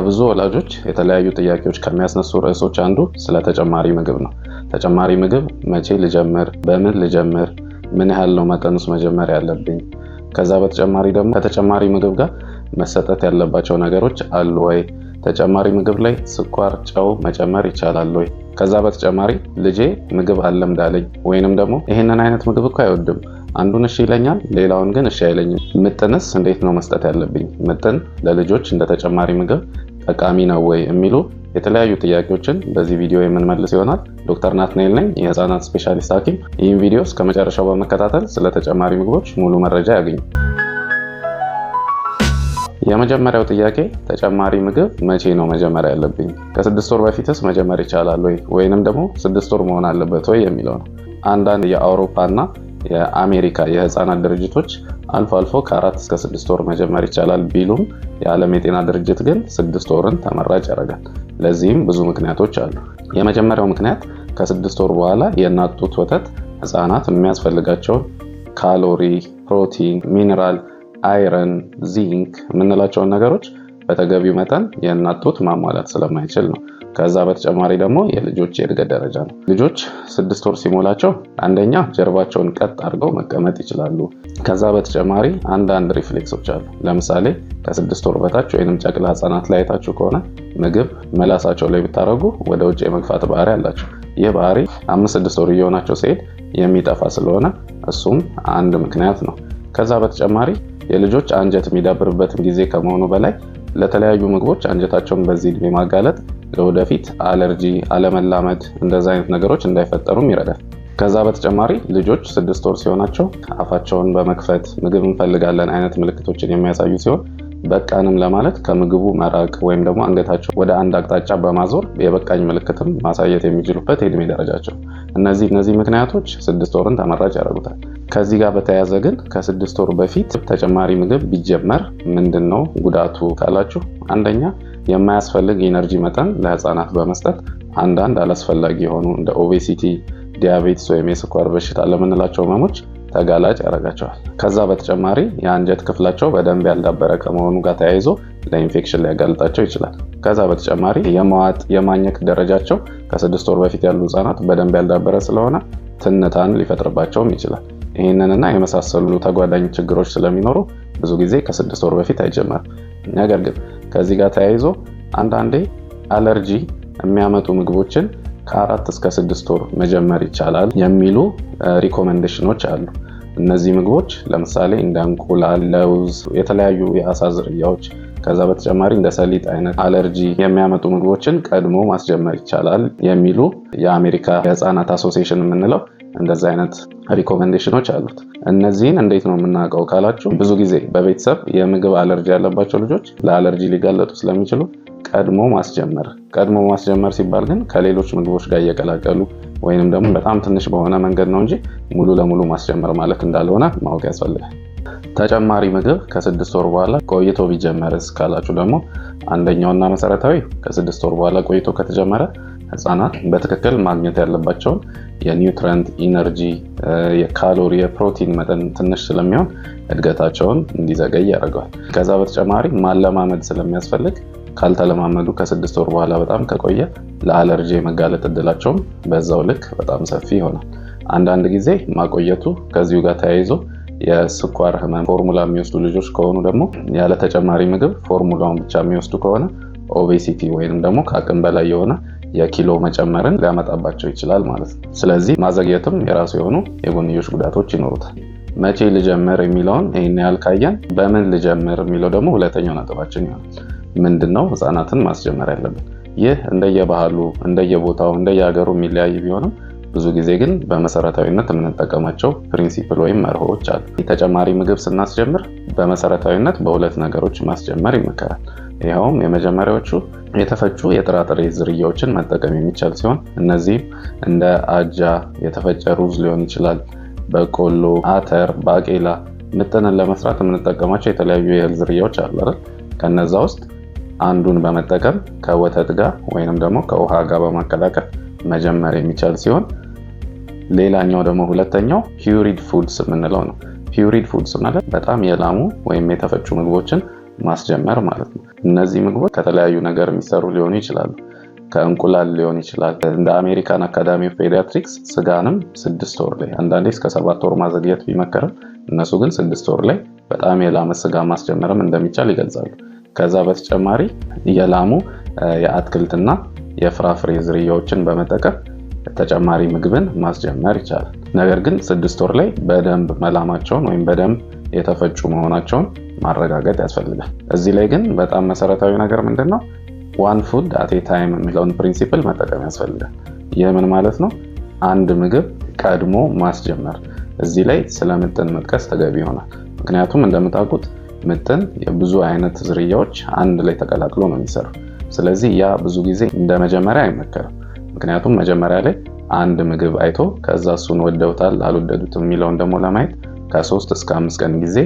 ከብዙ ወላጆች የተለያዩ ጥያቄዎች ከሚያስነሱ ርዕሶች አንዱ ስለ ተጨማሪ ምግብ ነው። ተጨማሪ ምግብ መቼ ልጀምር፣ በምን ልጀምር፣ ምን ያህል ነው መጠንስ መጀመር ያለብኝ? ከዛ በተጨማሪ ደግሞ ከተጨማሪ ምግብ ጋር መሰጠት ያለባቸው ነገሮች አሉ ወይ? ተጨማሪ ምግብ ላይ ስኳር፣ ጨው መጨመር ይቻላል ወይ? ከዛ በተጨማሪ ልጄ ምግብ አለምዳለኝ ወይንም ደግሞ ይህንን አይነት ምግብ እኮ አይወድም አንዱን እሺ ይለኛል፣ ሌላውን ግን እሺ አይለኝም። ምጥንስ እንዴት ነው መስጠት ያለብኝ? ምጥን ለልጆች እንደ ተጨማሪ ምግብ ጠቃሚ ነው ወይ የሚሉ የተለያዩ ጥያቄዎችን በዚህ ቪዲዮ የምንመልስ ይሆናል። ዶክተር ናትናኤል ነኝ የህፃናት ስፔሻሊስት ሀኪም ይህም ቪዲዮ እስከ መጨረሻው በመከታተል ስለ ተጨማሪ ምግቦች ሙሉ መረጃ ያገኙ። የመጀመሪያው ጥያቄ ተጨማሪ ምግብ መቼ ነው መጀመር ያለብኝ? ከስድስት ወር በፊትስ መጀመር ይቻላል ወይ ወይንም ደግሞ ስድስት ወር መሆን አለበት ወይ የሚለው ነው። አንዳንድ የአውሮፓ ና የአሜሪካ የህፃናት ድርጅቶች አልፎ አልፎ ከአራት እስከ ስድስት ወር መጀመር ይቻላል ቢሉም የዓለም የጤና ድርጅት ግን ስድስት ወርን ተመራጭ ያደርጋል። ለዚህም ብዙ ምክንያቶች አሉ። የመጀመሪያው ምክንያት ከስድስት ወር በኋላ የእናት ጡት ወተት ህፃናት የሚያስፈልጋቸውን ካሎሪ፣ ፕሮቲን፣ ሚኔራል፣ አይረን፣ ዚንክ የምንላቸውን ነገሮች በተገቢው መጠን የእናት ጡት ማሟላት ስለማይችል ነው። ከዛ በተጨማሪ ደግሞ የልጆች የእድገት ደረጃ ነው። ልጆች ስድስት ወር ሲሞላቸው አንደኛ ጀርባቸውን ቀጥ አድርገው መቀመጥ ይችላሉ። ከዛ በተጨማሪ አንዳንድ ሪፍሌክሶች አሉ። ለምሳሌ ከስድስት ወር በታች ወይም ጨቅላ ህጻናት ላይ አይታችሁ ከሆነ ምግብ መላሳቸው ላይ ብታደረጉ ወደ ውጭ የመግፋት ባህሪ አላቸው። ይህ ባህሪ አምስት ስድስት ወር እየሆናቸው ሲሄድ የሚጠፋ ስለሆነ እሱም አንድ ምክንያት ነው። ከዛ በተጨማሪ የልጆች አንጀት የሚዳብርበትም ጊዜ ከመሆኑ በላይ ለተለያዩ ምግቦች አንጀታቸውን በዚህ እድሜ ማጋለጥ ለወደፊት አለርጂ፣ አለመላመድ እንደዚ አይነት ነገሮች እንዳይፈጠሩም ይረዳል። ከዛ በተጨማሪ ልጆች ስድስት ወር ሲሆናቸው አፋቸውን በመክፈት ምግብ እንፈልጋለን አይነት ምልክቶችን የሚያሳዩ ሲሆን በቃንም ለማለት ከምግቡ መራቅ ወይም ደግሞ አንገታቸው ወደ አንድ አቅጣጫ በማዞር የበቃኝ ምልክትም ማሳየት የሚችሉበት የእድሜ ደረጃቸው። እነዚህ እነዚህ ምክንያቶች ስድስት ወርን ተመራጭ ያደርጉታል። ከዚህ ጋር በተያያዘ ግን ከስድስት ወር በፊት ተጨማሪ ምግብ ቢጀመር ምንድን ነው ጉዳቱ ካላችሁ፣ አንደኛ የማያስፈልግ የኤነርጂ መጠን ለህፃናት በመስጠት አንዳንድ አላስፈላጊ የሆኑ እንደ ኦቤሲቲ፣ ዲያቤትስ ወይም የስኳር በሽታ ለምንላቸው ህመሞች ተጋላጭ ያደርጋቸዋል። ከዛ በተጨማሪ የአንጀት ክፍላቸው በደንብ ያልዳበረ ከመሆኑ ጋር ተያይዞ ለኢንፌክሽን ሊያጋልጣቸው ይችላል። ከዛ በተጨማሪ የመዋጥ የማኘክ ደረጃቸው ከስድስት ወር በፊት ያሉ ህፃናት በደንብ ያልዳበረ ስለሆነ ትንታን ሊፈጥርባቸውም ይችላል። ይህንንና የመሳሰሉ ተጓዳኝ ችግሮች ስለሚኖሩ ብዙ ጊዜ ከስድስት ወር በፊት አይጀመርም። ነገር ግን ከዚህ ጋር ተያይዞ አንዳንዴ አለርጂ የሚያመጡ ምግቦችን ከአራት እስከ ስድስት ወር መጀመር ይቻላል የሚሉ ሪኮመንዴሽኖች አሉ። እነዚህ ምግቦች ለምሳሌ እንደ እንቁላል፣ ለውዝ፣ የተለያዩ የአሳ ዝርያዎች ከዛ በተጨማሪ እንደ ሰሊጥ አይነት አለርጂ የሚያመጡ ምግቦችን ቀድሞ ማስጀመር ይቻላል የሚሉ የአሜሪካ የህፃናት አሶሲሽን የምንለው እንደዚህ አይነት ሪኮመንዴሽኖች አሉት። እነዚህን እንዴት ነው የምናውቀው ካላችሁ ብዙ ጊዜ በቤተሰብ የምግብ አለርጂ ያለባቸው ልጆች ለአለርጂ ሊጋለጡ ስለሚችሉ ቀድሞ ማስጀመር ቀድሞ ማስጀመር ሲባል ግን ከሌሎች ምግቦች ጋር እየቀላቀሉ ወይንም ደግሞ በጣም ትንሽ በሆነ መንገድ ነው እንጂ ሙሉ ለሙሉ ማስጀመር ማለት እንዳልሆነ ማወቅ ያስፈልጋል። ተጨማሪ ምግብ ከስድስት ወር በኋላ ቆይቶ ቢጀመርስ ካላችሁ ደግሞ አንደኛውና መሰረታዊ ከስድስት ወር በኋላ ቆይቶ ከተጀመረ ህጻናት በትክክል ማግኘት ያለባቸውን የኒውትረንት ኢነርጂ፣ የካሎሪ፣ የፕሮቲን መጠን ትንሽ ስለሚሆን እድገታቸውን እንዲዘገይ ያደርገዋል። ከዛ በተጨማሪ ማለማመድ ስለሚያስፈልግ ካልተለማመዱ ከስድስት ወር በኋላ በጣም ከቆየ ለአለርጂ የመጋለጥ እድላቸውም በዛው ልክ በጣም ሰፊ ይሆናል። አንዳንድ ጊዜ ማቆየቱ ከዚሁ ጋር ተያይዞ የስኳር ህመም ፎርሙላ የሚወስዱ ልጆች ከሆኑ ደግሞ ያለ ተጨማሪ ምግብ ፎርሙላውን ብቻ የሚወስዱ ከሆነ ኦቤሲቲ ወይንም ደግሞ ከአቅም በላይ የሆነ የኪሎ መጨመርን ሊያመጣባቸው ይችላል ማለት ነው። ስለዚህ ማዘግየትም የራሱ የሆኑ የጎንዮሽ ጉዳቶች ይኖሩታል። መቼ ልጀምር የሚለውን ይህን ያህል ካየን፣ በምን ልጀምር የሚለው ደግሞ ሁለተኛው ነጥባችን ይሆናል። ምንድን ነው ህፃናትን ማስጀመር ያለብን? ይህ እንደየባህሉ እንደየቦታው እንደየሀገሩ የሚለያይ ቢሆንም ብዙ ጊዜ ግን በመሰረታዊነት የምንጠቀማቸው ፕሪንሲፕል ወይም መርሆዎች አሉ። ተጨማሪ ምግብ ስናስጀምር በመሰረታዊነት በሁለት ነገሮች ማስጀመር ይመከራል። ይኸውም የመጀመሪያዎቹ የተፈጩ የጥራጥሬ ዝርያዎችን መጠቀም የሚቻል ሲሆን እነዚህም እንደ አጃ፣ የተፈጨ ሩዝ ሊሆን ይችላል፣ በቆሎ፣ አተር፣ ባቄላ ምጥንን ለመስራት የምንጠቀማቸው የተለያዩ የእህል ዝርያዎች አለ ከነዛ ውስጥ አንዱን በመጠቀም ከወተት ጋር ወይንም ደግሞ ከውሃ ጋር በማቀላቀል መጀመር የሚቻል ሲሆን ሌላኛው ደግሞ ሁለተኛው ፒሪድ ፉድስ የምንለው ነው። ፒሪድ ፉድስ ማለት በጣም የላሙ ወይም የተፈጩ ምግቦችን ማስጀመር ማለት ነው። እነዚህ ምግቦች ከተለያዩ ነገር የሚሰሩ ሊሆኑ ይችላሉ። ከእንቁላል ሊሆን ይችላል። እንደ አሜሪካን አካዳሚ ኦፍ ፔዲያትሪክስ ስጋንም ስድስት ወር ላይ አንዳንዴ እስከ ሰባት ወር ማዘግየት ቢመከርም እነሱ ግን ስድስት ወር ላይ በጣም የላመ ስጋ ማስጀመርም እንደሚቻል ይገልጻሉ። ከዛ በተጨማሪ የላሙ የአትክልትና የፍራፍሬ ዝርያዎችን በመጠቀም ተጨማሪ ምግብን ማስጀመር ይቻላል። ነገር ግን ስድስት ወር ላይ በደንብ መላማቸውን ወይም በደንብ የተፈጩ መሆናቸውን ማረጋገጥ ያስፈልጋል። እዚህ ላይ ግን በጣም መሰረታዊ ነገር ምንድን ነው? ዋን ፉድ አቴ ታይም የሚለውን ፕሪንሲፕል መጠቀም ያስፈልጋል። ይህ ምን ማለት ነው? አንድ ምግብ ቀድሞ ማስጀመር። እዚህ ላይ ስለ ምጥን መጥቀስ ተገቢ ይሆናል። ምክንያቱም እንደምታውቁት ምጥን የብዙ አይነት ዝርያዎች አንድ ላይ ተቀላቅሎ ነው የሚሰሩ። ስለዚህ ያ ብዙ ጊዜ እንደ መጀመሪያ አይመከርም። ምክንያቱም መጀመሪያ ላይ አንድ ምግብ አይቶ ከዛ እሱን ወደውታል አልወደዱትም የሚለውን ደግሞ ለማየት ከሶስት እስከ አምስት ቀን ጊዜ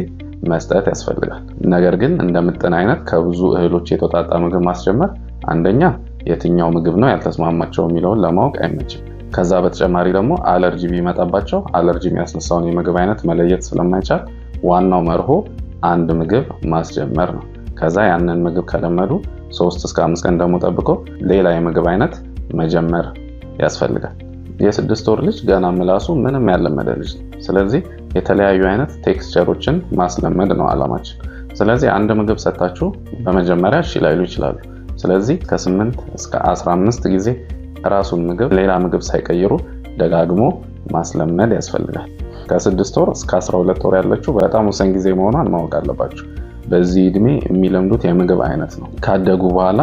መስጠት ያስፈልጋል። ነገር ግን እንደ ምጥን አይነት ከብዙ እህሎች የተወጣጣ ምግብ ማስጀመር አንደኛ የትኛው ምግብ ነው ያልተስማማቸው የሚለውን ለማወቅ አይመችም። ከዛ በተጨማሪ ደግሞ አለርጂ ቢመጣባቸው አለርጂ የሚያስነሳውን የምግብ አይነት መለየት ስለማይቻል ዋናው መርሆ አንድ ምግብ ማስጀመር ነው። ከዛ ያንን ምግብ ከለመዱ ሶስት እስከ አምስት ቀን ደግሞ ጠብቆ ሌላ የምግብ አይነት መጀመር ያስፈልጋል። የስድስት ወር ልጅ ገና ምላሱ ምንም ያለመደ ልጅ ነው። ስለዚህ የተለያዩ አይነት ቴክስቸሮችን ማስለመድ ነው አላማችን። ስለዚህ አንድ ምግብ ሰታችሁ በመጀመሪያ እሺ ላይሉ ይችላሉ። ስለዚህ ከ8 እስከ 15 ጊዜ ራሱን ምግብ ሌላ ምግብ ሳይቀይሩ ደጋግሞ ማስለመድ ያስፈልጋል። ከ6 ወር እስከ 12 ወር ያለችው በጣም ውሰን ጊዜ መሆኗን ማወቅ አለባችሁ። በዚህ እድሜ የሚለምዱት የምግብ አይነት ነው። ካደጉ በኋላ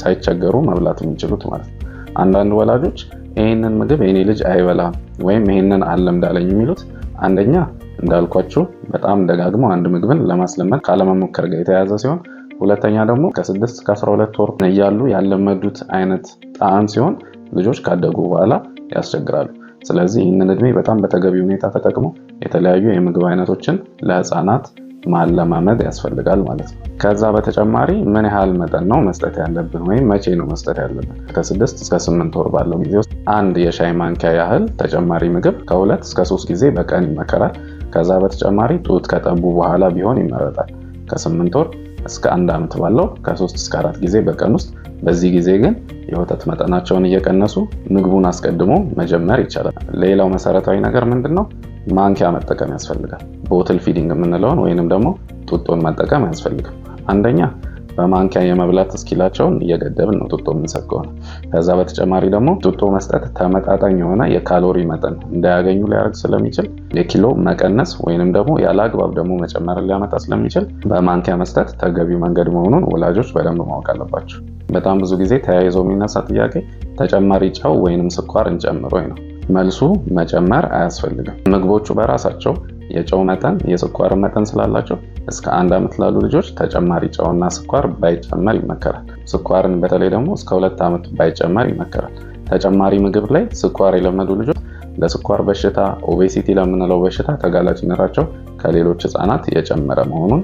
ሳይቸገሩ መብላት የሚችሉት ማለት ነው። አንዳንድ ወላጆች ይህንን ምግብ የኔ ልጅ አይበላም ወይም ይህንን አለምዳለኝ የሚሉት አንደኛ እንዳልኳችሁ በጣም ደጋግሞ አንድ ምግብን ለማስለመድ ካለመሞከር ጋር የተያያዘ ሲሆን ሁለተኛ ደግሞ ከስድስት ከአስራ ሁለት ወር እያሉ ያለመዱት አይነት ጣዕም ሲሆን ልጆች ካደጉ በኋላ ያስቸግራሉ። ስለዚህ ይህንን እድሜ በጣም በተገቢ ሁኔታ ተጠቅሞ የተለያዩ የምግብ አይነቶችን ለህፃናት ማለማመድ ያስፈልጋል ማለት ነው። ከዛ በተጨማሪ ምን ያህል መጠን ነው መስጠት ያለብን ወይም መቼ ነው መስጠት ያለብን? ከስድስት እስከ ስምንት ወር ባለው ጊዜ ውስጥ አንድ የሻይ ማንኪያ ያህል ተጨማሪ ምግብ ከሁለት እስከ ሶስት ጊዜ በቀን ይመከራል። ከዛ በተጨማሪ ጡት ከጠቡ በኋላ ቢሆን ይመረጣል። ከስምንት ወር እስከ አንድ ዓመት ባለው ከሶስት እስከ አራት ጊዜ በቀን ውስጥ በዚህ ጊዜ ግን የወተት መጠናቸውን እየቀነሱ ምግቡን አስቀድሞ መጀመር ይቻላል። ሌላው መሰረታዊ ነገር ምንድን ነው? ማንኪያ መጠቀም ያስፈልጋል። ቦትል ፊዲንግ የምንለውን ወይንም ደግሞ ጡጦን መጠቀም አያስፈልግም። አንደኛ በማንኪያ የመብላት እስኪላቸውን እየገደብን ነው ጡጦ የምንሰጥ ከሆነ። ከዛ በተጨማሪ ደግሞ ጡጦ መስጠት ተመጣጣኝ የሆነ የካሎሪ መጠን እንዳያገኙ ሊያደርግ ስለሚችል የኪሎ መቀነስ ወይንም ደግሞ ያለ አግባብ ደግሞ መጨመርን ሊያመጣ ስለሚችል በማንኪያ መስጠት ተገቢ መንገድ መሆኑን ወላጆች በደንብ ማወቅ አለባቸው። በጣም ብዙ ጊዜ ተያይዞ የሚነሳ ጥያቄ ተጨማሪ ጨው ወይንም ስኳር እንጨምሮ ነው። መልሱ መጨመር አያስፈልግም። ምግቦቹ በራሳቸው የጨው መጠን የስኳር መጠን ስላላቸው እስከ አንድ ዓመት ላሉ ልጆች ተጨማሪ ጨውና ስኳር ባይጨመር ይመከራል። ስኳርን በተለይ ደግሞ እስከ ሁለት ዓመት ባይጨመር ይመከራል። ተጨማሪ ምግብ ላይ ስኳር የለመዱ ልጆች ለስኳር በሽታ ኦቤሲቲ ለምንለው በሽታ ተጋላጭነታቸው ከሌሎች ህፃናት የጨመረ መሆኑን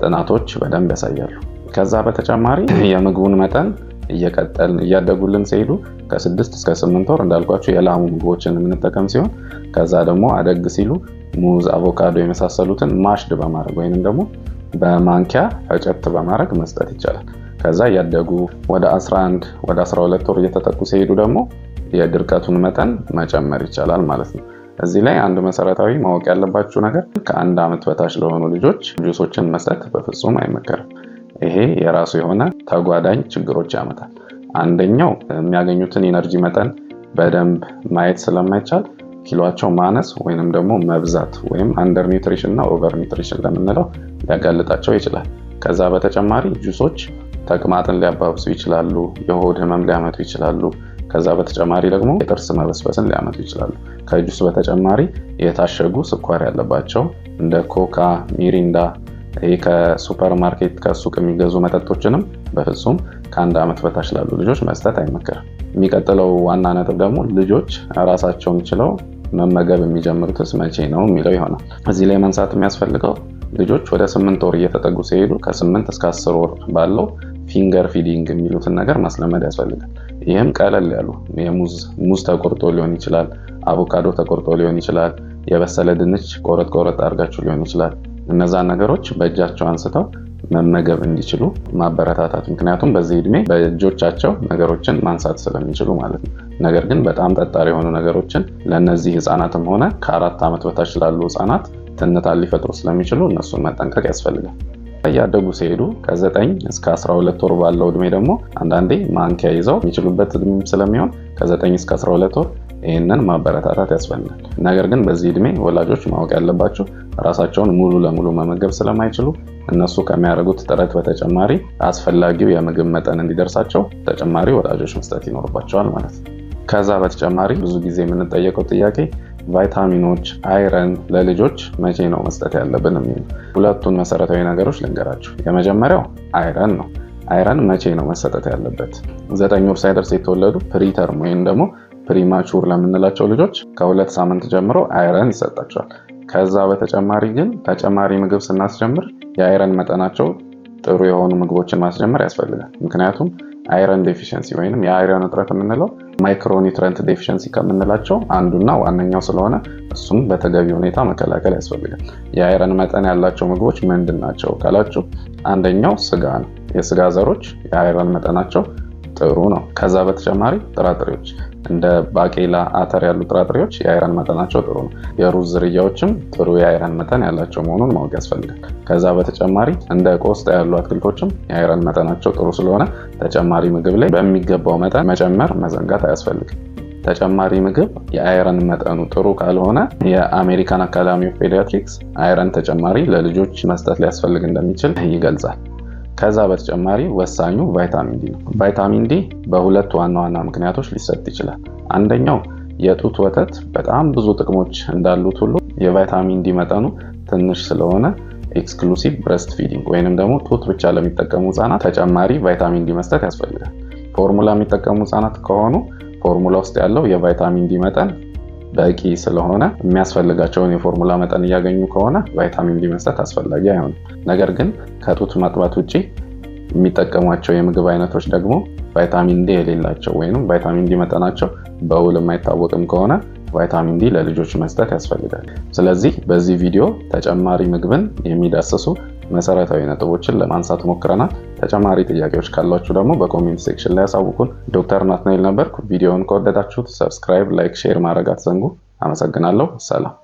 ጥናቶች በደንብ ያሳያሉ። ከዛ በተጨማሪ የምግቡን መጠን እየቀጠልን እያደጉልን ሲሄዱ ከስድስት እስከ ስምንት ወር እንዳልኳቸው የላሙ ምግቦችን የምንጠቀም ሲሆን ከዛ ደግሞ አደግ ሲሉ ሙዝ፣ አቮካዶ የመሳሰሉትን ማሽድ በማድረግ ወይንም ደግሞ በማንኪያ ፈጨት በማድረግ መስጠት ይቻላል። ከዛ እያደጉ ወደ 11 ወደ 12 ወር እየተጠቁ ሲሄዱ ደግሞ የድርቀቱን መጠን መጨመር ይቻላል ማለት ነው። እዚህ ላይ አንድ መሰረታዊ ማወቅ ያለባችሁ ነገር ከአንድ ዓመት በታች ለሆኑ ልጆች ጁሶችን መስጠት በፍጹም አይመከርም። ይሄ የራሱ የሆነ ተጓዳኝ ችግሮች ያመጣል። አንደኛው የሚያገኙትን ኢነርጂ መጠን በደንብ ማየት ስለማይቻል ኪሏቸው ማነስ ወይንም ደግሞ መብዛት ወይም አንደር ኒትሪሽን እና ኦቨር ኒትሪሽን ለምንለው ሊያጋልጣቸው ይችላል። ከዛ በተጨማሪ ጁሶች ተቅማጥን ሊያባብሱ ይችላሉ። የሆድ ህመም ሊያመጡ ይችላሉ። ከዛ በተጨማሪ ደግሞ የጥርስ መበስበስን ሊያመጡ ይችላሉ። ከጁስ በተጨማሪ የታሸጉ ስኳር ያለባቸው እንደ ኮካ፣ ሚሪንዳ ይሄ ከሱፐር ማርኬት ከሱቅ የሚገዙ መጠጦችንም በፍጹም ከአንድ ዓመት በታች ላሉ ልጆች መስጠት አይመከርም። የሚቀጥለው ዋና ነጥብ ደግሞ ልጆች ራሳቸውን ችለው መመገብ የሚጀምሩትስ መቼ ነው የሚለው ይሆናል። እዚህ ላይ መንሳት የሚያስፈልገው ልጆች ወደ ስምንት ወር እየተጠጉ ሲሄዱ ከስምንት እስከ አስር ወር ባለው ፊንገር ፊዲንግ የሚሉትን ነገር ማስለመድ ያስፈልጋል። ይህም ቀለል ያሉ ሙዝ ተቆርጦ ሊሆን ይችላል፣ አቮካዶ ተቆርጦ ሊሆን ይችላል፣ የበሰለ ድንች ቆረጥ ቆረጥ አድርጋችሁ ሊሆን ይችላል እነዛን ነገሮች በእጃቸው አንስተው መመገብ እንዲችሉ ማበረታታት። ምክንያቱም በዚህ እድሜ በእጆቻቸው ነገሮችን ማንሳት ስለሚችሉ ማለት ነው። ነገር ግን በጣም ጠጣር የሆኑ ነገሮችን ለእነዚህ ህፃናትም ሆነ ከአራት ዓመት በታች ላሉ ህፃናት ትንታን ሊፈጥሩ ስለሚችሉ እነሱን መጠንቀቅ ያስፈልጋል። እያደጉ ሲሄዱ ከ9 እስከ 12 ወር ባለው እድሜ ደግሞ አንዳንዴ ማንኪያ ይዘው የሚችሉበት ስለሚሆን ከ9 እስከ 12 ወር ይህንን ማበረታታት ያስፈልጋል። ነገር ግን በዚህ እድሜ ወላጆች ማወቅ ያለባቸው ራሳቸውን ሙሉ ለሙሉ መመገብ ስለማይችሉ እነሱ ከሚያደርጉት ጥረት በተጨማሪ አስፈላጊው የምግብ መጠን እንዲደርሳቸው ተጨማሪ ወላጆች መስጠት ይኖርባቸዋል ማለት ነው። ከዛ በተጨማሪ ብዙ ጊዜ የምንጠየቀው ጥያቄ ቫይታሚኖች፣ አይረን ለልጆች መቼ ነው መስጠት ያለብን የሚሉ ሁለቱን መሰረታዊ ነገሮች ልንገራችሁ። የመጀመሪያው አይረን ነው። አይረን መቼ ነው መሰጠት ያለበት? ዘጠኝ ወር ሳይደርስ የተወለዱ ፕሪተርም ወይም ደግሞ ፕሪማቹር ለምንላቸው ልጆች ከሁለት ሳምንት ጀምሮ አይረን ይሰጣቸዋል። ከዛ በተጨማሪ ግን ተጨማሪ ምግብ ስናስጀምር የአይረን መጠናቸው ጥሩ የሆኑ ምግቦችን ማስጀመር ያስፈልጋል። ምክንያቱም አይረን ዴፊሽንሲ ወይም የአይረን እጥረት የምንለው ማይክሮኒትረንት ዴፊሽንሲ ከምንላቸው አንዱና ዋነኛው ስለሆነ እሱም በተገቢ ሁኔታ መከላከል ያስፈልጋል። የአይረን መጠን ያላቸው ምግቦች ምንድን ናቸው ካላችሁ፣ አንደኛው ስጋ ነው። የስጋ ዘሮች የአይረን መጠናቸው ጥሩ ነው። ከዛ በተጨማሪ ጥራጥሬዎች እንደ ባቄላ፣ አተር ያሉ ጥራጥሬዎች የአይረን መጠናቸው ጥሩ ነው። የሩዝ ዝርያዎችም ጥሩ የአይረን መጠን ያላቸው መሆኑን ማወቅ ያስፈልጋል። ከዛ በተጨማሪ እንደ ቆስጣ ያሉ አትክልቶችም የአይረን መጠናቸው ጥሩ ስለሆነ ተጨማሪ ምግብ ላይ በሚገባው መጠን መጨመር መዘንጋት አያስፈልግም። ተጨማሪ ምግብ የአይረን መጠኑ ጥሩ ካልሆነ የአሜሪካን አካዳሚ ኦፍ ፔዲያትሪክስ አይረን ተጨማሪ ለልጆች መስጠት ሊያስፈልግ እንደሚችል ይገልጻል። ከዛ በተጨማሪ ወሳኙ ቫይታሚን ዲ ነው። ቫይታሚን ዲ በሁለት ዋና ዋና ምክንያቶች ሊሰጥ ይችላል። አንደኛው የጡት ወተት በጣም ብዙ ጥቅሞች እንዳሉት ሁሉ የቫይታሚን ዲ መጠኑ ትንሽ ስለሆነ ኤክስክሉሲቭ ብረስት ፊዲንግ ወይንም ደግሞ ጡት ብቻ ለሚጠቀሙ ህጻናት ተጨማሪ ቫይታሚን ዲ መስጠት ያስፈልጋል። ፎርሙላ የሚጠቀሙ ህጻናት ከሆኑ ፎርሙላ ውስጥ ያለው የቫይታሚን ዲ መጠን በቂ ስለሆነ የሚያስፈልጋቸውን የፎርሙላ መጠን እያገኙ ከሆነ ቫይታሚን ዲ መስጠት አስፈላጊ አይሆንም። ነገር ግን ከጡት ማጥባት ውጭ የሚጠቀሟቸው የምግብ አይነቶች ደግሞ ቫይታሚን ዲ የሌላቸው ወይም ቫይታሚን ዲ መጠናቸው በውል የማይታወቅም ከሆነ ቫይታሚን ዲ ለልጆች መስጠት ያስፈልጋል። ስለዚህ በዚህ ቪዲዮ ተጨማሪ ምግብን የሚዳስሱ መሰረታዊ ነጥቦችን ለማንሳት ሞክረናል። ተጨማሪ ጥያቄዎች ካሏችሁ ደግሞ በኮሜንት ሴክሽን ላይ ያሳውቁን። ዶክተር ናትናኤል ነበርኩ። ቪዲዮውን ከወደዳችሁት ሰብስክራይብ፣ ላይክ፣ ሼር ማድረግ አትዘንጉ። አመሰግናለሁ። ሰላም